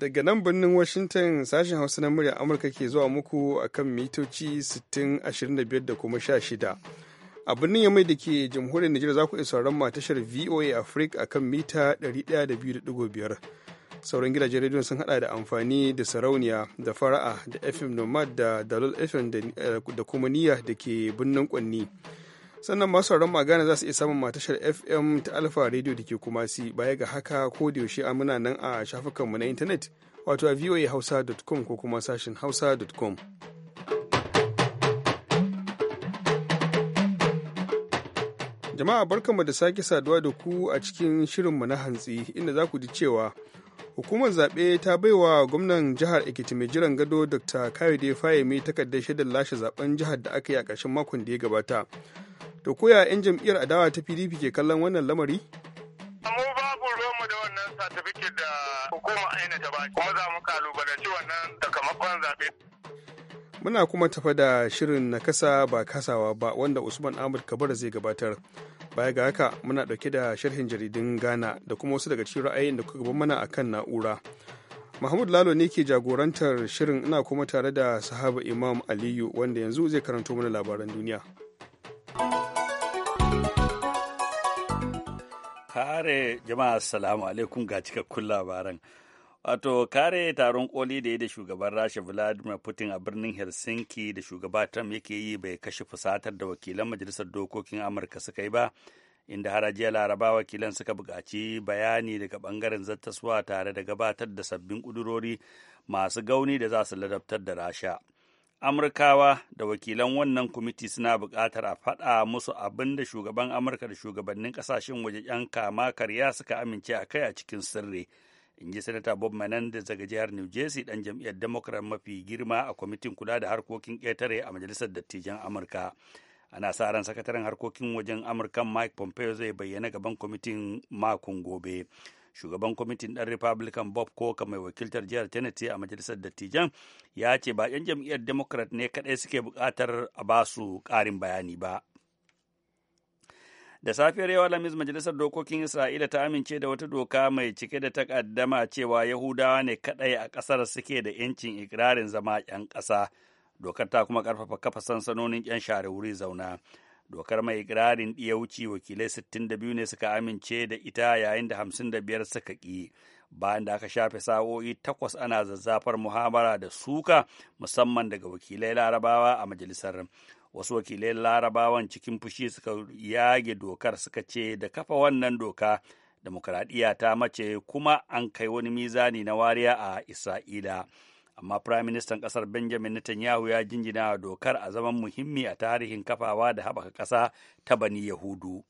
Daga nan birnin Washington sashen Hausa na murya Amurka ke zuwa muku akan mitoci 6025 da kuma shida A birnin Yamai da ke jamhuriyar nigeria za ku iya sauran ma tashar VOA Africa a kan mita 102.5. Sauran gidajen rediyon sun hada da amfani da sarauniya da fara'a da FM Nomad da Dalol FM eh, da kuma niyya da ke birnin Kwanni. sannan masu sauran magana za su iya samun matashar fm ta alfa radio da ke kuma si baya ga haka ko da yaushe a muna nan a shafukanmu na intanet wato a voahausa.com ko kuma sashin hausa.com jama'a barkanmu da sake saduwa da ku a cikin shirin mu na hantsi inda za ku ji cewa hukumar zaɓe ta baiwa gwamnan jihar ekiti mai jiran gado dr kayode fayemi takardar shaidar lashe zaben jihar da aka yi a ƙarshen makon da ya gabata to koya 'yan jam'iyyar adawa ta pdp ke kallon wannan lamari mu babu ruwanmu da wannan satifiket da hukumar aina ta ba kuma za mu kalubalanci wannan takamakon zaɓe Muna kuma tafa da shirin na kasa ba kasawa ba wanda Usman Ahmad Kabara zai gabatar. Baya ga haka muna dauke da sharhin jaridun Ghana da kuma wasu daga cikin ra'ayin da kuka mana a kan na'ura. Mahmud Lalo ne ke jagorantar shirin ina kuma tare da sahaba Imam Aliyu wanda yanzu zai karanto mana labaran duniya. kare jama'a assalamu alaikum ga cikakkun labaran. Wato kare taron koli da ya da shugaban Rasha Vladimir Putin a birnin Helsinki da shugaba Trump yake yi bai kashe fusatar da wakilan majalisar dokokin Amurka suka yi ba, inda harajiya laraba wakilan suka buƙaci bayani daga ɓangaren zattaswa tare da gabatar da sabbin ƙudurori masu gauni da za su ladabtar da Rasha. Amurkawa da wakilan wannan kwamiti suna buƙatar a faɗa musu abin da shugaban Amurka da shugabannin ƙasashen waje 'yan kama karya suka amince a kai a cikin sirri. in ji sanata bob menendez daga jihar new jersey dan jam'iyyar democrat mafi girma a kwamitin kula da harkokin ƙetare a majalisar dattijan amurka ana sa ran sakataren harkokin wajen amurkan mike pompeo zai bayyana gaban kwamitin makon gobe shugaban kwamitin ɗan republican bob koka mai wakiltar jihar tennessee a majalisar dattijan ya ce ba 'yan jam'iyyar democrat ne kaɗai suke buƙatar a basu su ƙarin bayani ba Da safiyar yau Alhamis Majalisar Dokokin Isra'ila ta amince da wata doka mai cike da takaddama cewa Yahudawa ne kadai a ƙasar suke da 'yancin ikirarin zama 'yan ƙasa. Dokar ta kuma karfafa kafa sansanonin 'yan share wuri zauna. Dokar mai ikirarin ɗiyauci wakilai 62 ne suka amince da ita yayin da 55 suka ki bayan da aka shafe sa'o'i takwas ana zazzafar muhabara da suka musamman daga wakilai larabawa a majalisar wasu wakilai larabawan cikin fushi suka yage dokar suka ce da kafa wannan doka demokradiyya ta mace kuma an kai wani mizani na wariya a isra'ila amma prime ministan kasar benjamin netanyahu ya jinjina dokar a zaman muhimmi a tarihin kafawa da haɓaka ƙasa ta bani yahudu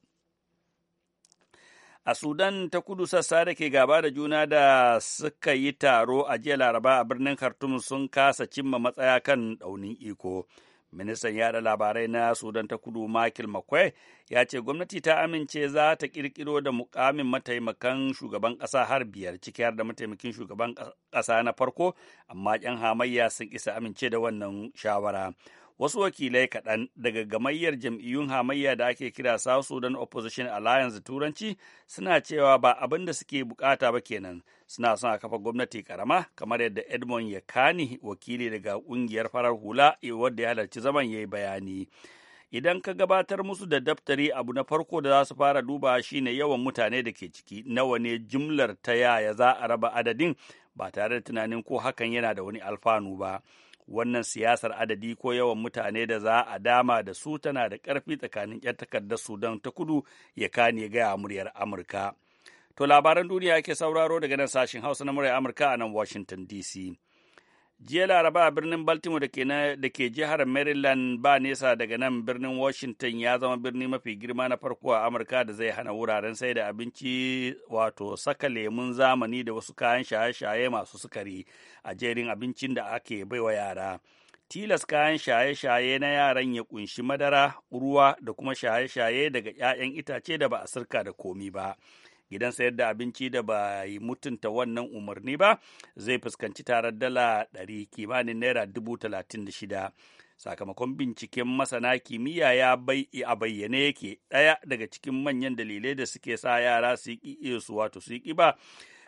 a sudan ta kudu sassa da ke gaba da juna da suka yi taro a jiya laraba a birnin khartoum sun kasa cimma matsaya kan ɗaunin iko ministan yada labarai na sudan ta kudu michael mcquay ya ce gwamnati ta amince za ta kirkiro da mukamin mataimakan shugaban kasa har biyar ciki har da mataimakin shugaban kasa na farko amma yan hamayya sun isa amince da wannan shawara wasu wakilai kaɗan daga gamayyar jam'iyyun hamayya da ake kira South Sudan Opposition Alliance Turanci suna cewa ba abin da suke bukata ba kenan suna son a kafa gwamnati karama kamar yadda Edmond Yakani wakili daga ƙungiyar farar hula eh, wadda ya halarci zaman ya yi bayani. Idan ka gabatar musu da daftari abu na farko da za su fara duba shine yawan mutane da ke ciki nawa ne jimlar ta yaya za a raba adadin ba tare da tunanin ko hakan yana da wani alfanu ba. wannan siyasar adadi ko yawan mutane da za a dama da su tana da ƙarfi tsakanin 'yan takardar sudan ta kudu ya kane gaya muryar amurka to labaran duniya ke sauraro daga nan sashen hausa na muryar amurka a nan washington dc jiya laraba a birnin baltimore da ke jihar maryland ba nesa daga nan birnin washington ya zama birni mafi girma na farko a amurka da zai hana wuraren sai da abinci wato saka lemun zamani da wasu kayan shaye-shaye masu sukari a jerin abincin da ake baiwa yara tilas kayan shaye-shaye na yaran ya kunshi madara ruwa da kuma shaye-shaye daga 'ya'yan itace da ba a sirka da komi ba gidan sayar da abinci da ba yi mutunta wannan umarni ba zai fuskanci tarar dala 100 kimanin naira dubu talatin da shida. sakamakon binciken masana kimiyya ya bai a bayyane yake ɗaya daga cikin manyan dalilai da suke sa yara su yi su wato su yi ba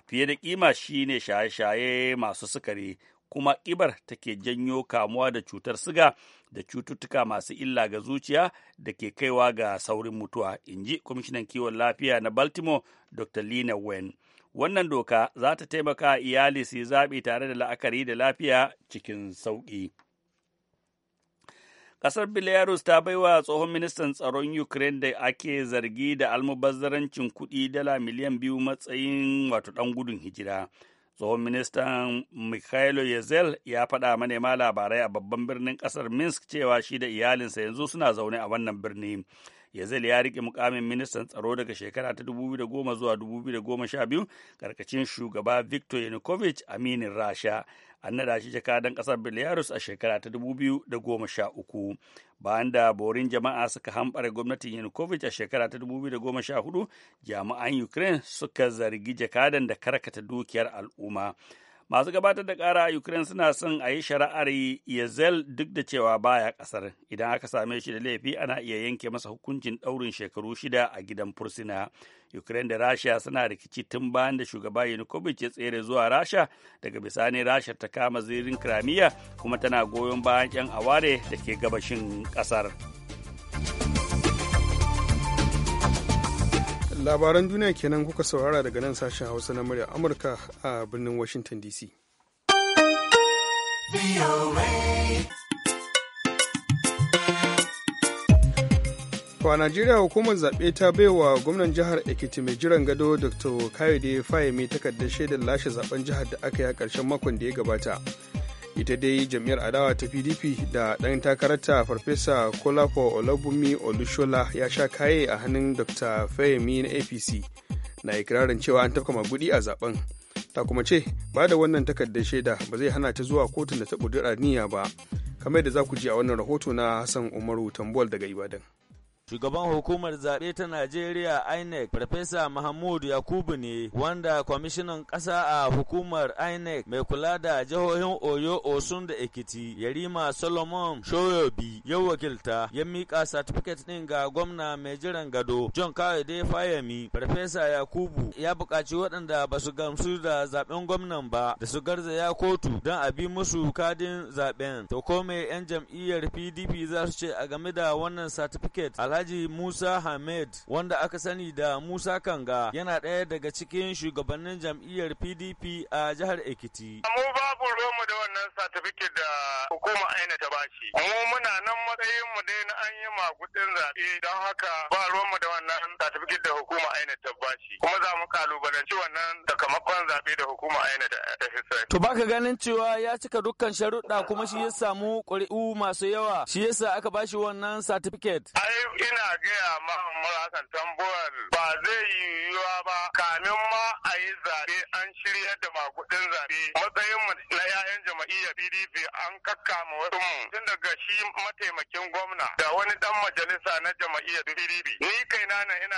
fiye da kima shine shaye-shaye masu sukari kuma ƙibar take janyo kamuwa da cutar siga da cututtuka masu illa ga zuciya da ke kaiwa ga saurin mutuwa in ji kwamishinan kiwon lafiya na baltimore dr lina wen wannan doka za ta taimaka iyali su yi zaɓi tare da la'akari da lafiya cikin sauƙi Ƙasar Belarus ta baiwa tsohon ministan tsaron Ukraine da ake zargi da almubazzarancin kuɗi dala miliyan biyu matsayin wato ɗan gudun hijira. tsohon ministan mikhailo yezel ya faɗa manema labarai a babban birnin ƙasar minsk cewa shi da iyalinsa yanzu suna zaune a wannan birni yezel ya riƙe mukamin ministan tsaro daga shekara ta 2010 zuwa 2012 karkacin shugaba victor yanukovych aminin rasha an nada shi jakadan ƙasar belarus a shekara ta 2013 bayan da borin jama'a suka hambare gwamnatin yanukovych a shekara ta 2014 jami'an ukraine suka zargi jakadan da karkata dukiyar al'umma masu gabatar da kara a ukraine suna son a yi shari'ar yezel duk da cewa baya kasar idan aka same shi da laifi ana iya yanke masa hukuncin daurin shekaru shida a gidan fursuna Ukraine da Rasha suna rikici tun bayan da shugaba Yanukovych ya tsere zuwa Rasha daga bisani Rasha ta kama zirin Kramiya kuma tana goyon bayan 'yan aware da ke gabashin ƙasar. Labaran duniya kenan kuka saurara daga nan sashen Hausa na murya Amurka a birnin Washington DC. To a Najeriya hukumar zaɓe ta baiwa gwamnan jihar Ekiti mai jiran gado Dr. Kayode Fayemi takardar shaidar lashe zaben jihar da aka yi a ƙarshen makon da ya gabata. Ita dai jam'iyyar adawa ta PDP da ɗan takararta Farfesa Kolapo Olabumi Olushola ya sha kaye a hannun Dr. Fayemi na APC na ikirarin cewa an tafka magudi a zaben. Ta kuma ce ba da wannan takardar shaida ba zai hana ta zuwa kotun da ta ƙudura niyya ba. Kamar da za ku ji a wannan rahoto na Hassan Umaru Tambuwal daga Ibadan. Shugaban hukumar zaɓe ta Najeriya INEC, Farfesa Mahmud Yakubu ne, wanda kwamishinan ƙasa a hukumar INEC mai kula da jihohin Oyo, Osun da Ekiti, Yarima Solomon Shoyobi ya wakilta ya mika satifiket ɗin ga gwamna mai jiran gado John Kawede Fayami, Farfesa Yakubu ya buƙaci waɗanda ba su gamsu da zaɓen gwamnan ba da su Garza ya kotu don a bi musu kadin zaɓen. To ko 'yan jam'iyyar PDP za su ce a game da wannan satifiket Alhaji Musa Hamed wanda aka sani da Musa Kanga yana ɗaya daga cikin shugabannin jam'iyyar PDP a jihar Ekiti. Mu babu mu da wannan satifiket da hukuma aina ta bashi. Mu muna nan matsayin mu dai na an yi magudin zaɓe don haka ba mu wannan certificate da hukuma aina ta bashi kuma za mu kalubalanci wannan sakamakon zaɓe da hukuma aina ta hisar. To baka ganin cewa ya cika dukkan sharuɗa kuma shi ya samu ƙuri'u masu yawa shi yasa aka bashi wannan certificate. Ai ina gaya ma Hassan tambayar ba zai yi yiwuwa ba kamin ma a yi zaɓe an shirya da magudin zabe. matsayin na 'ya'yan jama'iyya PDP an kakkama wasu tun daga shi mataimakin gwamna da wani dan majalisa na jama'iyyar PDP.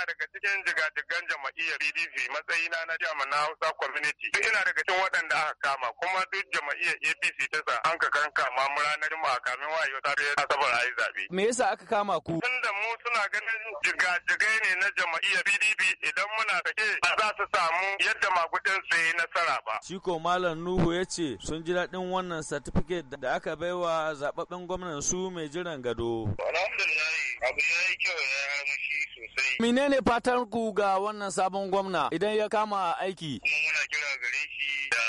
daga cikin jigajigan jama'iyyar PDP matsayi na jami'an na Hausa community. Duk ina daga cikin waɗanda aka kama kuma duk jama'iyyar APC ta sa an ka kan kama mu ranar a kamin wayo ta da asabar ayi zabe. Me yasa aka kama ku? Tunda mu suna ganin jigajigai ne na jama'iyyar PDP idan muna sake ba za su samu yadda magudin su yi nasara ba. Shi ko Malam Nuhu ya ce sun ji daɗin wannan certificate da aka baiwa zababben gwamnan su mai jiran gado. Alhamdulillah abu ya yi kyau ya yi sosai. Menene ne fatan ku ga wannan sabon gwamna idan ya kama aiki? Kuma muna kira gare shi da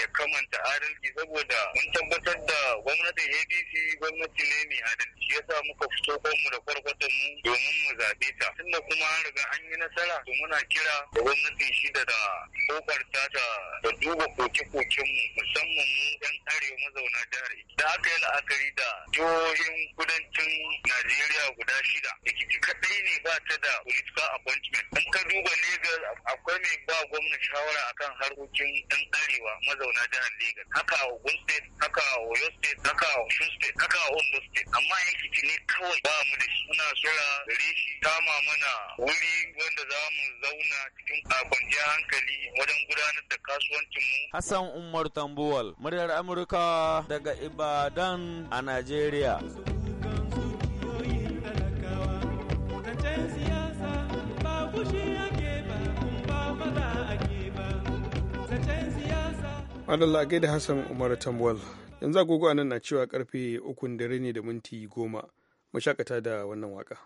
ya kamanta adalci saboda mun tabbatar da gwamnatin APC gwamnati ne mai adalci sa muka fito kwanmu da kwarkwatan mu domin mu zaɓe ta. da kuma an riga an yi nasara to muna kira da gwamnatin shida da kokarta ta da duba koke-koken mu musamman mu 'yan arewa mazauna jihar da aka yi la'akari da jihohin kudancin Najeriya guda shida da kaɗai ne ba ta da political ka appointment in ka duba Legas akwai mai ba gwamna shawara akan harkokin dan arewa mazauna jihar Legas haka a Ogun state haka a Oyo state haka a Osun state haka a Ondo state amma yankici ne kawai ba mu da shi muna sura gare shi kama mana wuri wanda za mu zauna cikin kwanciyar hankali wajen gudanar da kasuwancin mu Hassan Umar Tambuwal muryar Amurka daga Ibadan a Najeriya. Madalla gaida Hassan Umar Tambwal. Yanzu agogo nan na cewa karfe ukun dare ne da minti goma. mashakata da wannan waka.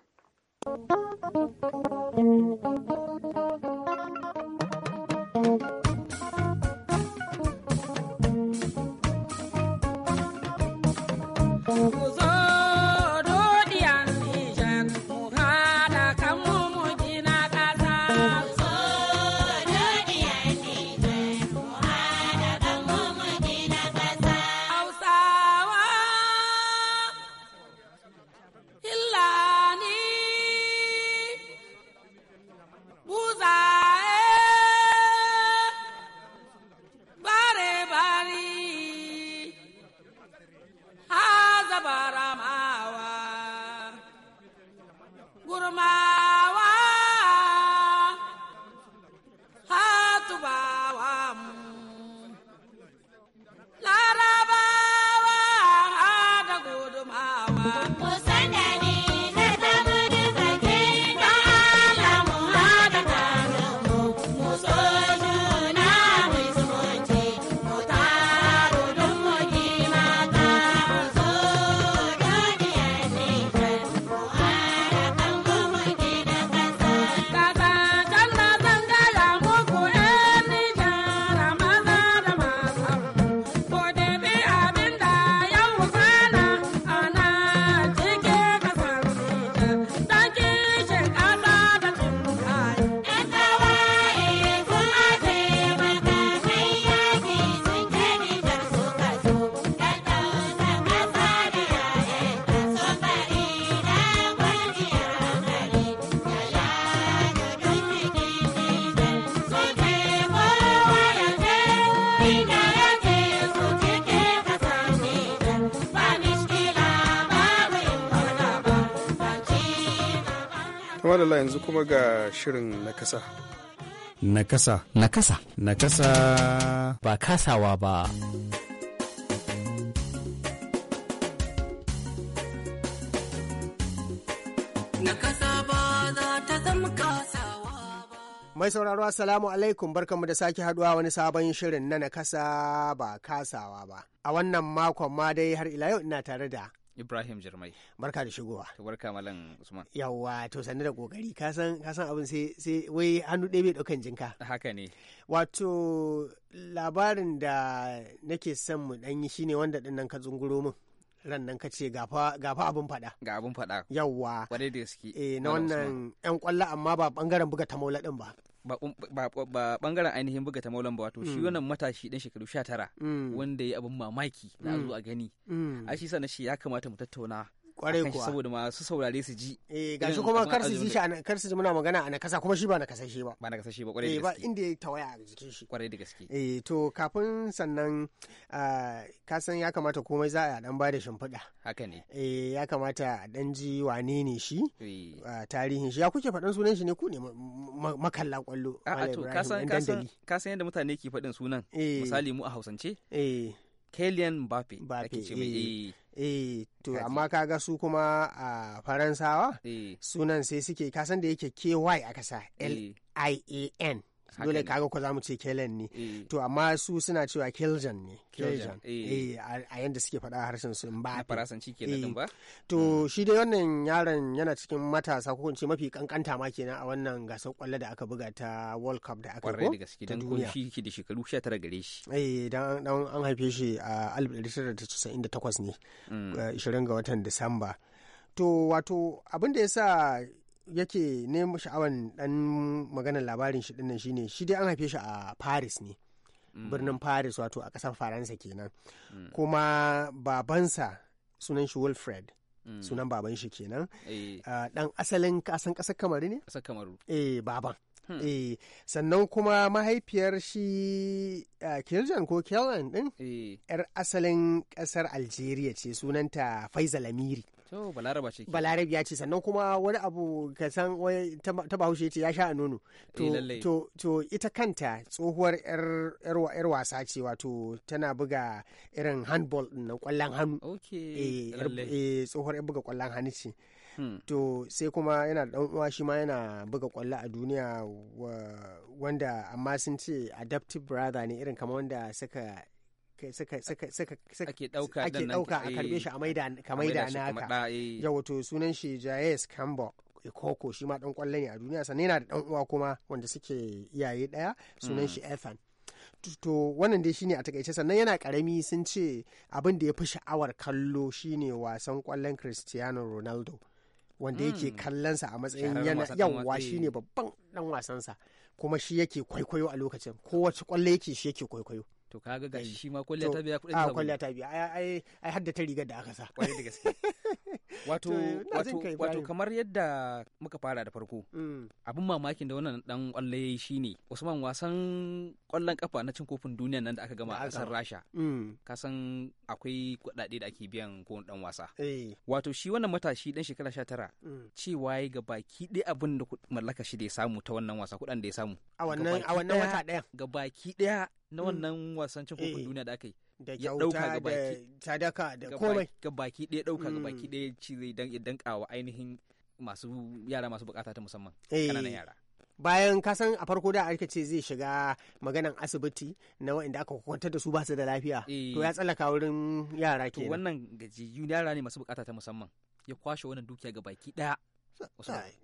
kamar da yanzu kuma ga shirin na kasa na kasa na kasa na kasa ba kasawa ba Mai sauraro Assalamu alaikum barkanmu da sake haduwa wani sabon shirin na nakasa ba kasawa ba. A wannan makon ma dai har ila yau ina tare da Ibrahim Jirmai. Barka da shigowa. Barka Malam Usman. Yawwa to sani da kokari ka san ka san abin sai sai wai hannu ɗaya bai ɗaukan jinka. Haka ne. Wato labarin da nake son mu ɗan yi shine wanda ɗin nan ka zunguro min. ran nan ka ce gafa abin fada. Ga abin fada. Yawwa. Wadai da gaske. Eh na wannan yan kwallo amma ba bangaren buga ta maula din ba. Um, ba bangaren ainihin buga ta maulan ba wato shi mm. wannan matashi dan shekaru sha tara. Mm. wanda ya abin mamaki na mm. zo a gani a shi sa na shi ya kamata mu tattauna kwarai kuwa saboda su saurare su ji eh gashi kuma kar su ji shi kar su ji muna magana a nakasa kuma shi ba kasashe ba ba kasashe ba kwarai da gaske eh ba inda ya tawaya a jikin shi kwarai da gaske eh to kafin sannan ah, ka san ya kamata komai za a dan ba da shimfiɗa haka ne eh ya kamata a dan ji wane ne shi eh. ah, tarihin shi ya kuke faɗan sunan shi ne ku ne makalla kwallo a to ka san ka san yadda mutane ke faɗin sunan eh. misali mu a Hausance eh Kylian Mbappe ake ce mai eh. eh to amma kaga su kuma a faransawa eh. sunan sai suke kasan da yake ky a kasa eh. l i a n dole kaga ko zamu ce kelen ne eh. to amma su suna cewa keljan ne keljan eh, eh a yanda suke faɗa harshen su ba faransanci kenan din eh. ba to mm. shi dai wannan yaron yana cikin matasa ko ce mafi kankanta ma kenan a wannan gasar kwallo da aka buga ta World Cup da aka ko ta duniya shi ke da shekaru 19 gare shi eh dan dan an haife shi a 1998 ne 20 mm. ga watan Disamba to wato abin da yasa yake nemo sha'awan dan maganar labarin shi dinnan shine shi dai an haife shi a paris ne mm. birnin paris wato a kasar faransa kenan mm. kuma babansa sunan shi wilfred mm. sunan baban shi kenan dan eh. ah, asalin kasan kasar kamaru ne kasar kamaru eh baban hmm. eh sannan kuma mahaifiyar shi ah, kiljan ko kellan din eh. yar asalin kasar algeria ce sunanta faisal amiri To ya ce sannan kuma wani abu ka san ta bahaushe ce ya sha a nono. Eh, to to ita kanta tsohuwar yar wasa ce wato tana buga irin handball din nan kwallon hannu. Okay. Eh, eh tsohuwar yar buga kwallon hannu ce. Hmm. To sai kuma yana da uwa shi ma yana buga kwallo a duniya wanda amma sun ce adaptive brother ne irin kamar wanda suka suka suka suka suka ake dauka ake dauka a karbe eh, shi a maida ka maida naka eh. ya wato sunan shi Jayes Kambo Ikoko shi ma dan kwallo ne a duniya sannan yana da dan uwa kuma wanda suke iyaye daya sunan shi mm. Ethan to wannan dai shine a takaice sannan yana karami sun ce abin da ya fi sha'awar kallo shine wasan kwallon Cristiano Ronaldo wanda yake mm. kallonsa a matsayin yana shi shine babban dan wasansa kuma shi yake kwaikwayo a lokacin kowace kwallo yake shi yake kwaikwayo to kaga ga shi ma kwalliya ta biya kuɗin A kwalliya ta biya ai ai hadda ta rigar da aka sa kwalliya da gaske wato wato wato kamar yadda muka fara da farko mm. abin mamakin da wannan dan kwallo yayi shine Usman wasan kwallon kafa na cin kofin duniya nan da aka gama a kasar Rasha mm. ka san akwai kuɗaɗe da ake biyan ko dan wasa eh. wato shi wannan matashi dan shekara 19 mm. cewa yayi ga baki dai abin da mallaka shi da ya samu ta wannan wasa kuɗan da ya samu a wannan a wannan wata ɗaya ga baki ɗaya na mm. wannan wasan cin kofin eh, duniya da aka yi ya dauka ga baki sadaka da komai ga baki ɗaya dauka ga baki mm. ɗaya ci zai dan idan wa ainihin masu yara masu bukata ta musamman kananan eh, yara bayan kasan a farko da aka ce zai shiga maganan asibiti na waɗanda aka kwantar da su ba su da lafiya to eh. ya tsallaka wurin yara ke to wannan gaji yara ne masu bukata ta musamman ya kwashe wannan dukiya ga baki ɗaya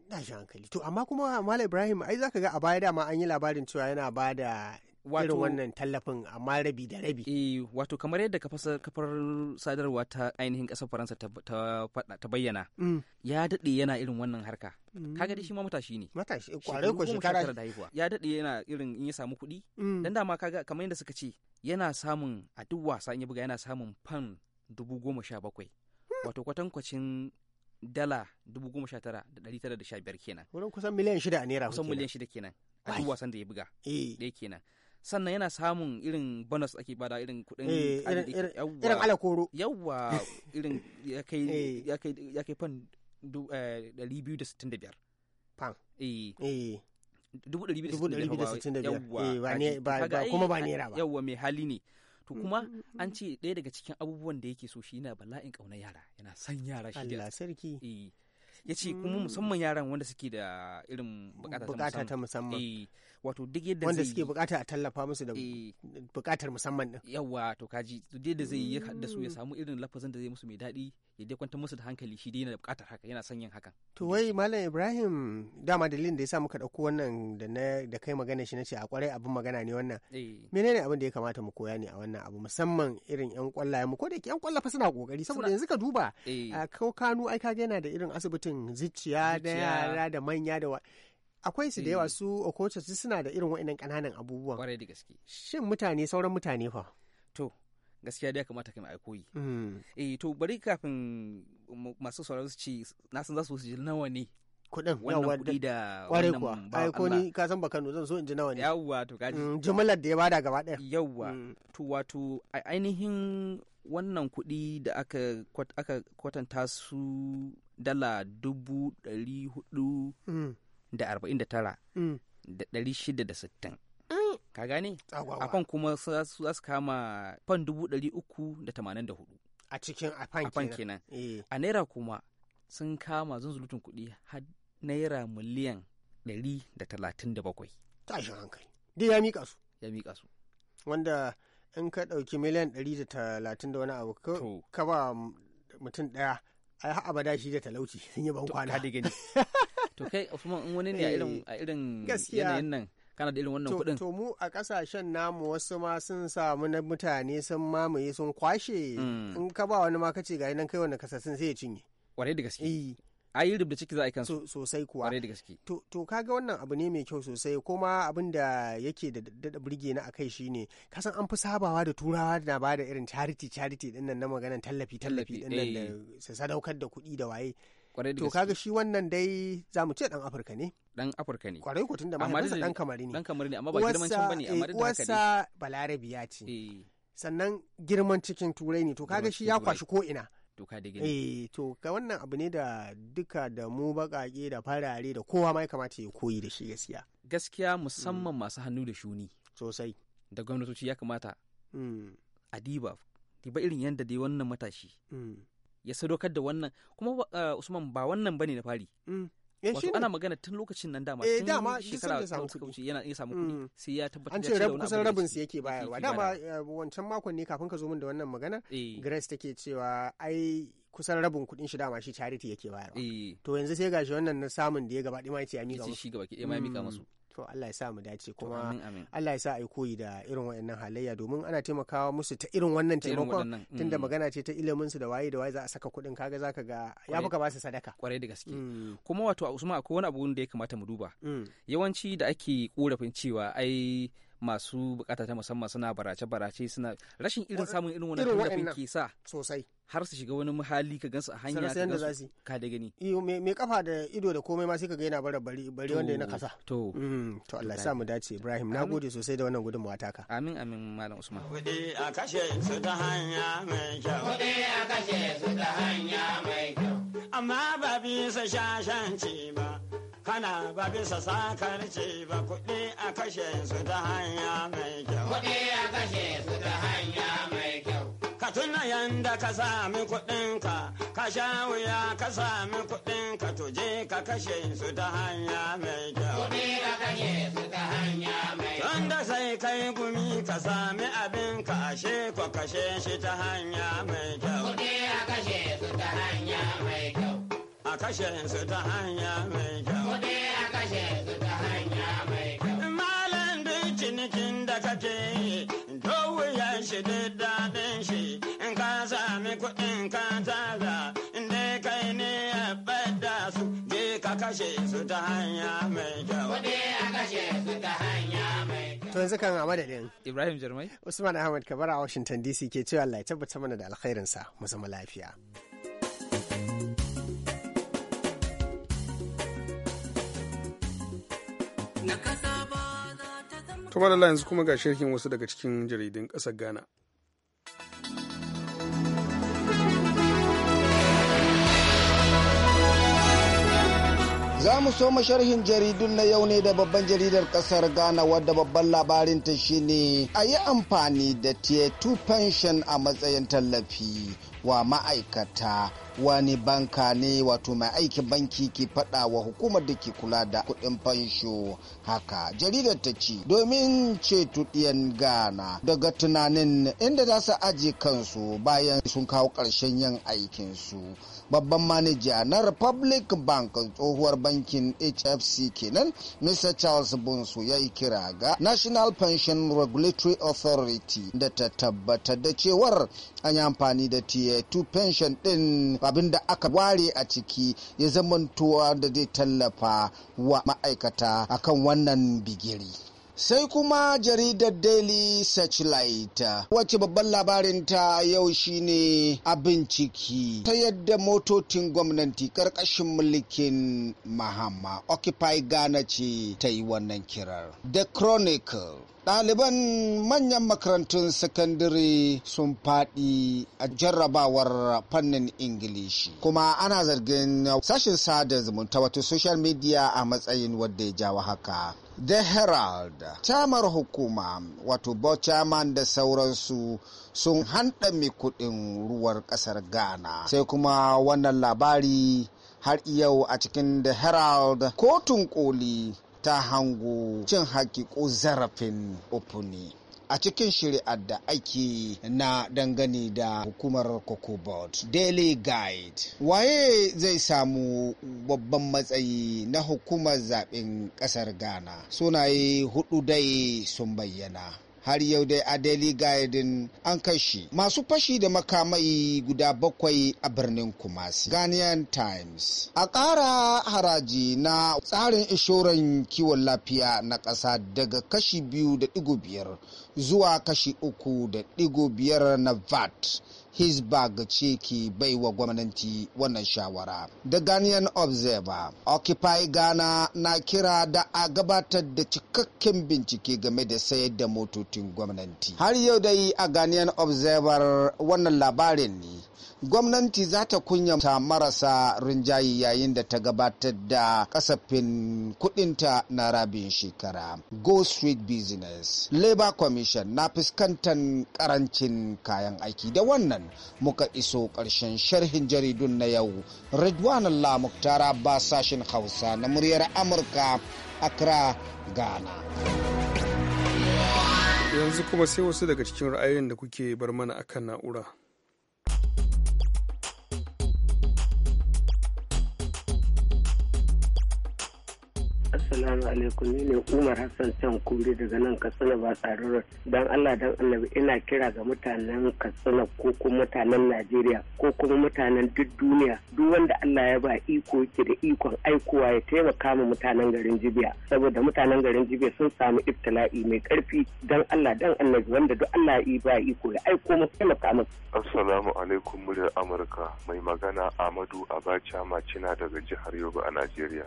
na shi hankali to amma kuma malam ibrahim ai zaka ga a baya dama an yi labarin cewa yana ba da irin wannan tallafin amma rabi da rabi. Eh wato kamar yadda kafar sadarwa ta ainihin ƙasar Faransa ta bayyana mm. ya daɗe yana irin wannan harka. Mm. Kaga dai shi ma matashi ne. Matashi kwarai ko shekara da haihuwa. Ya daɗe yana irin in ya samu kuɗi. Mm. Dan dama kaga kamar yadda suka ce yana samun a duk wasa in ya buga yana samun fan dubu goma sha bakwai. Hmm. Wato kwatankwacin dala dubu goma sha tara da ɗari tara da sha biyar kenan. Wurin kusan miliyan shida a naira. Kusan miliyan shida kenan. a duk wasan da ya buga eh. ɗaya kenan sannan yana samun irin bonus ake bada irin kudin eh, irin alakoro yawa irin ya kai eh. fan 265 fan eh kuma ba nera ba yawa mai hali ne to kuma mm, mm, mm. an ce ɗaya daga cikin abubuwan da yake so shi yana bala'in ƙauna yara yana san yara shi Allah sarki eh. ya ce kuma musamman yaran wanda suke da irin bukata ta musamman wato duk yadda wanda suke bukata a tallafa musu da eh. bukatar musamman din yawa to kaji duk yadda zai yi da su ya mm. samu irin lafazin da zai musu mai daɗi ya dai kwanta musu da hankali shi dai yana da bukatar haka yana son yin hakan to wai malam Ibrahim dama dalilin da ya sa muka dauko wannan da na da kai magana shi nace a kwarai abin magana ne wannan eh. menene abin da ya kamata mu koya ne a wannan abu musamman irin yan kwallaye mu ko da yan kwalla fa suna kokari saboda yanzu ka duba eh. ko Kano ai kaga yana da irin asibitin zuciya da yara da manya da akwai su da yawa mm. su okocha su suna da irin waɗannan kananan abubuwa kwarai da gaske shin mutane sauran mutane fa to gaskiya da ya kamata kai aikoyi mm. eh to bari kafin masu sauran su ce na san za su ji nawa ne kuɗin wannan kuɗi da kwarai kuwa aiko ni ka san bakano zan so in ji nawa ne yawwa to kaji mm, jumlar da ya bada gaba ɗaya yawwa to wato ainihin wannan kuɗi da aka kwatanta su dala dubu ɗari hudu da arba'in da tara mm. da ɗari shida da sittin mm. ka gane akan kuma za su kama fan dubu ɗari uku da tamanin da hudu a cikin afan kenan eh. a naira kuma sun kama zunzulutun kuɗi har naira miliyan ɗari da talatin da bakwai tashin hankali dai ya miƙa su ya miƙa su wanda in ka ɗauki miliyan ɗari da talatin da wani abu ka ba mutum ɗaya ai ba abada shi da talauci sun yi ban kwana da gani to kai Usman in wani ne a irin a eh, irin yanayin nan kana da irin wannan kuɗin to mu a ƙasashen namu wasu ma sun samu na mutane sun mamaye sun kwashe hmm. in ka ba wani ma kace ga nan kai wannan kasassun sai ya cinye kwarai da gaske eh. a yi rubuta ciki za a yi kansu sosai kuwa da gaske to, to kaga wannan abu ne mai kyau sosai kuma abin da yake da dada burge na akai shine Ka san an fi sabawa da turawa da ba da irin charity charity din nan na maganan tallafi tallafi din nan da eh. sadaukar da kuɗi da waye kwarai da to kaga shi wannan dai za mu ce dan afirka ne dan afirka ne kwarai kutun da mahaifinsa dan kamari ne dan kamari ne amma ba girman can bane amma da uwarsa eh, balarabiya ce eh. sannan girman cikin turai ne to kaga shi ya kwashi ko ina to da gani eh to ka wannan abu ne da duka da mu bakake da farare da kowa ma ya kamata ya koyi da shi gaskiya gaskiya mm. musamman masu hannu da shuni sosai da gwamnatoci ya kamata mm. a diba diba irin yadda dai wannan matashi mm. ya sadaukar da wannan kuma uh, usman ba wannan bane na fari mm. eh, wato ana magana tun lokacin nan dama eh, tun shekara da suka wuce yana iya samu kuɗi mm. sai ya tabbatar da cewa kusan rabin su yake bayarwa dama eh, wancan makon ne kafin ka zo min da wannan magana grace take cewa ai kusan rabin kuɗin shi dama shi charity yake bayarwa to yanzu sai gashi wannan na samun da ya gaba ɗaya ma ya ce ya mika shi ya mika mm. musu to Allah ya sa mu dace kuma Allah ya sa yi koyi da irin wa'annan halayya domin ana taimakawa musu ta irin wannan taimakon mm. tunda magana ce ta ilimin su da waye da waye za a saka kuɗin kaga zaka ga ya fuka ba su sadaka kwarai da gaske mm. kuma wato a Usman akwai wani abu da ya kamata mu duba mm. yawanci da ake korafin cewa ai masu bukata ta musamman suna barace-barace suna rashin irin samun irin wannan tallafin ke sa sosai har su shiga wani muhali ka gansu a hanya ka gansu ka da gani me kafa da ido da komai ma sai ka ga yana bara bari bari wanda ya kasa to mm, to Allah ya sa mu dace Ibrahim na gode sosai da wannan gudunmawa taka amin amin malam Usman kudi a kashe su ta hanya mai kyau kudi a kashe su ta hanya mai kyau amma ba bisa shashanci ba kana ba bisa sakarci ba kudi a kashe su ta hanya mai kyau kudi a kashe su ta hanya bayan da ka sami kuɗinka ka sha wuya ka sami kuɗinka tuje ka kashe su ta hanya mai kyau. Kuɗi ka kashe su ta hanya mai kyau. Wanda sai kai gumi ka sami abin ka ashe ko kashe shi ta hanya mai kyau. Kuɗi ka kashe su ta hanya mai kyau. A kashe su ta hanya mai kyau. Kuɗi ka kashe su ta hanya mai kyau. Malam duk cinikin da kake yi To yanzu kan a madadin. Ibrahim jirmai Usman Ahmad kabar a Washington DC ke cewa Allah ya tabbata mana da alkhairinsa mu zama lafiya. Tumar Allah yanzu kuma ga shirkin wasu daga cikin jaridun ƙasar Ghana. Za mu so sharhin jaridun na yau ne da babban jaridar kasar Ghana wadda babban labarin ta shine a yi amfani da tier 2 pension a matsayin tallafi wa ma'aikata wani banka ne wato mai aikin banki ke faɗa wa hukumar da ke kula da kuɗin fansho haka jaridar ta ci domin ceto ɗiyan gana daga tunanin inda za su aje kansu bayan sun kawo ƙarshen yin aikinsu babban manaja na republic bank tsohuwar bankin hfc kenan mr charles bunsu ya yi kira ga national pension regulatory authority da ta tabbatar da cewar an yi amfani da ta pension ɗin abin da aka ware a ciki ya zamantowa da zai tallafa wa ma'aikata akan wannan bigiri sai kuma jaridar daily searchlight wacce babban labarinta yau shine abin ciki? ta yadda motocin gwamnati karkashin mulkin mahama occupy ghana ce ta yi wannan kirar the chronicle ɗaliban manyan makarantun sakandare sun faɗi a jarrabawar fannin ingilishi kuma ana zargin sashen sada zumunta wato social media a matsayin wadda ya jawo haka The Herald, tamar hukuma wato Bochaman da sauransu sun handame kuɗin ruwar ƙasar Ghana. Sai kuma wannan labari har yau a cikin The Herald kotun koli ta hango cin haƙi zarafin Opini, a cikin shari'ar da ake na dangane da hukumar cocobot daily guide waye zai samu babban matsayi na hukumar zaɓen ƙasar ghana sunaye hudu dai sun bayyana har yau dai a daily guiding an kashi masu fashi da makamai guda bakwai a birnin kumasi ghanaian times a ƙara haraji na tsarin inshoran kiwon lafiya na ƙasa daga kashi biyu da digo biyar zuwa kashi uku da digo biyar na vat Hizbag ce ke wa gwamnati wannan shawara. The Ghanaian Observer, Occupy Ghana na kira da a gabatar da cikakken bincike game da sayar da motocin gwamnati. Har yau dai a Ghanaian Observer wannan labarin ne gwamnati za ta kunyata marasa rinjaye yayin da ta gabatar da kasafin kudinta na rabin shekara go street business labor commission na fuskantar karancin kayan aiki da wannan muka iso karshen sharhin jaridun na yau ridwan lamuktara muktara ba sashen hausa na muryar amurka accra ghana yanzu kuma sai wasu daga cikin ra'ayoyin da kuke bar mana akan na'ura Assalamu alaikum ne Umar Hassan Can kuri daga nan Katsina ba tsarurar don Allah don Annabi ina kira ga mutanen Katsina ko kuma mutanen Najeriya ko kuma mutanen duk duniya duk wanda Allah ya ba iko yake da ikon aikowa ya taimaka ma mutanen garin Jibiya saboda mutanen garin Jibiya sun samu ibtila'i mai karfi don Allah don Annabi wanda duk Allah ya ba iko ya aiko mu taimaka musu Assalamu alaikum muryar Amurka mai magana Amadu Abacha Macina daga jihar Yobe a Najeriya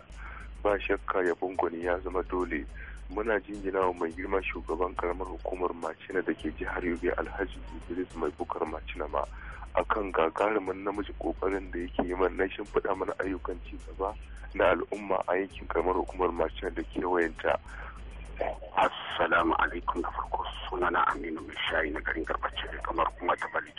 ba shakka ya gwani ya zama dole muna jingina wa mai girma shugaban karamar hukumar macina da ke jihar yobe alhaji idris mai bukar macina ma akan gagarumin namiji kokarin da yake yi man nashin fada mana ayyukan ci gaba na al'umma a yankin karamar hukumar macina da kewayenta Assalamu alaikum da farko na Aminu mai shayi na garin garbace da kamar kuma ta tare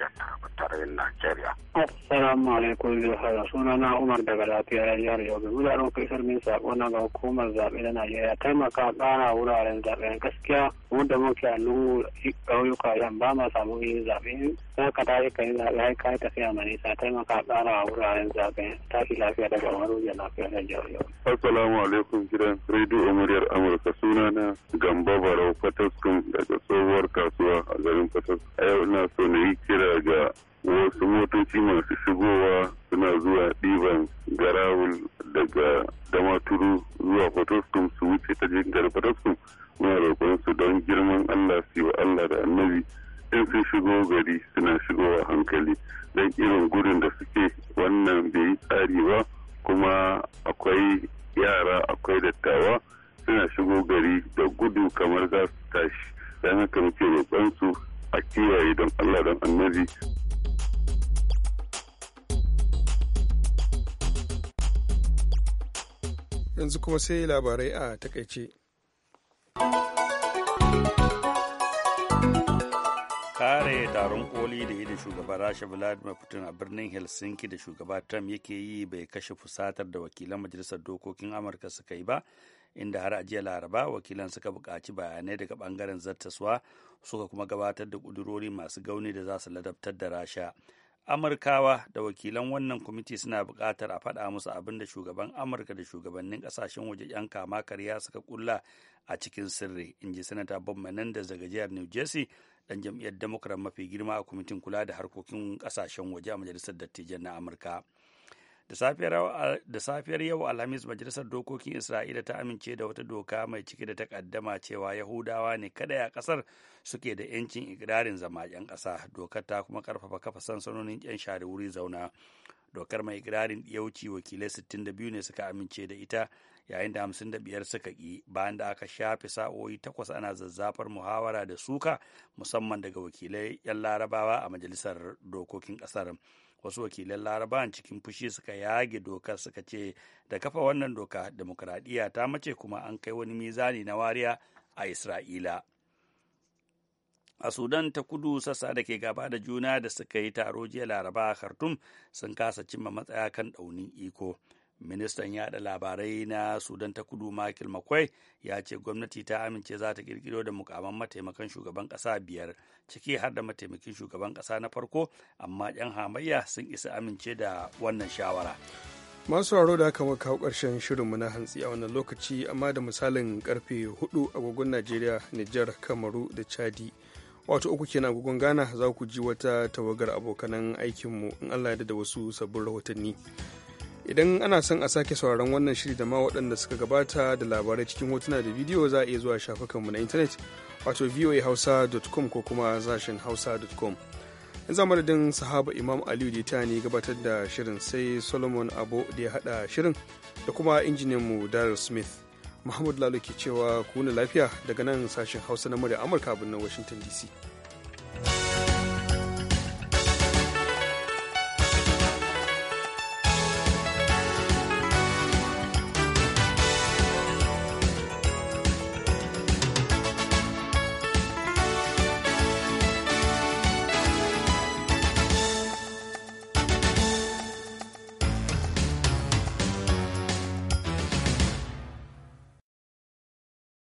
tarayyar Najeriya. Assalamu alaikum da hada sunana Umar daga lafiyar jihar Yau. Wuraren kaisar min sako na ga hukumar zaɓe na Najeriya taimaka ƙara wuraren zaɓe, gaskiya wanda muke a lungu ƙauyuka yan ba ma samu yin zaɓe. Za ka yi ka yi zaɓe ka yi tafiya ma nisa taimaka ƙara wuraren zaɓe ta fi lafiya daga wani lafiya na jihar Yau. Assalamu alaikum gidan rediyo muryar Amurka sunana sunana Gamba Barau Fataskun daga tsohuwar kasuwa a garin Fataskun. A yau ina so na yi kira ga wasu motoci masu shigowa suna zuwa ɗiban garawul daga damaturu zuwa Fataskun su wuce ta jingar Fataskun. Muna roƙon su don girman Allah su yi wa Allah da annabi. In sun shigo gari suna shigowa hankali don irin gudun da suke wannan bai yi tsari ba kuma akwai yara akwai dattawa suna shigo gari da gudu kamar za su tashi don haka muke roƙon su a kiyaye don Allah don annabi. Yanzu kuma sai labarai a takaice. kare taron koli da yi da shugaban rasha vladimir putin a birnin helsinki da shugaba trump yake yi bai kashe fusatar da wakilan majalisar dokokin amurka suka yi ba inda har a jiya laraba wakilan suka buƙaci bayanai daga bangaren zartaswa suka kuma gabatar da ƙudurori masu gauni da za su ladabtar da rasha amurkawa da wakilan wannan kwamiti suna buƙatar a faɗa musu abin da shugaban amurka da shugabannin ƙasashen waje 'yan kama karya suka kulla a cikin sirri in ji sanata bob menendez daga jihar new jersey dan jam'iyyar democrat mafi girma a kwamitin kula da harkokin ƙasashen waje a majalisar dattijan na amurka da safiyar yau alhamis majalisar dokokin isra'ila ta amince da wata doka mai cike da takaddama cewa yahudawa ne kada a kasar suke da yancin ikirarin zama 'yan ƙasa dokar ta kuma karfafa kafa sansanonin 'yan share wuri zauna dokar mai ikirarin yauci wakilai 62 ne suka amince da ita yayin da 55 suka ki bayan da aka shafe sa'o'i takwas ana zazzafar muhawara da suka musamman daga wakilai 'yan larabawa a majalisar dokokin ƙasar wasu wakilan laraba cikin fushi suka yage dokar suka ce da kafa wannan doka demokradiyya ta mace kuma an kai wani mizani na wariya a isra'ila a sudan ta kudu sassa da ke gaba da juna da suka yi taro jiya laraba a khartoum sun kasa cimma matsaya kan daunin iko ministan yada labarai na sudan ta kudu michael mccoy ya ce gwamnati ta amince za ta kirkiro da mukaman mataimakan shugaban kasa biyar ciki har da mataimakin shugaban kasa na farko amma yan hamayya sun isa amince da wannan shawara masu haro da aka maka karshen shirinmu na hantsi a wannan lokaci amma da misalin karfe 4 agogon najeriya nijar kamaru da chadi wato uku kenan agogon ghana za ku ji wata tawagar abokanan aikinmu in allah da wasu sabbin rahotanni idan ana son a sake sauraron wannan shiri da ma waɗanda suka gabata da labarai cikin hotuna da bidiyo za a iya zuwa shafukanmu na intanet wato voahausa.com ko kuma sashen hausa.com in za madadin sahaba imam aliyu da ta ne gabatar da shirin sai solomon abu da ya haɗa shirin da kuma injiniyanmu daryl smith muhammadu lalo ke cewa kuna lafiya daga nan sashen hausa na murya amurka a birnin washington dc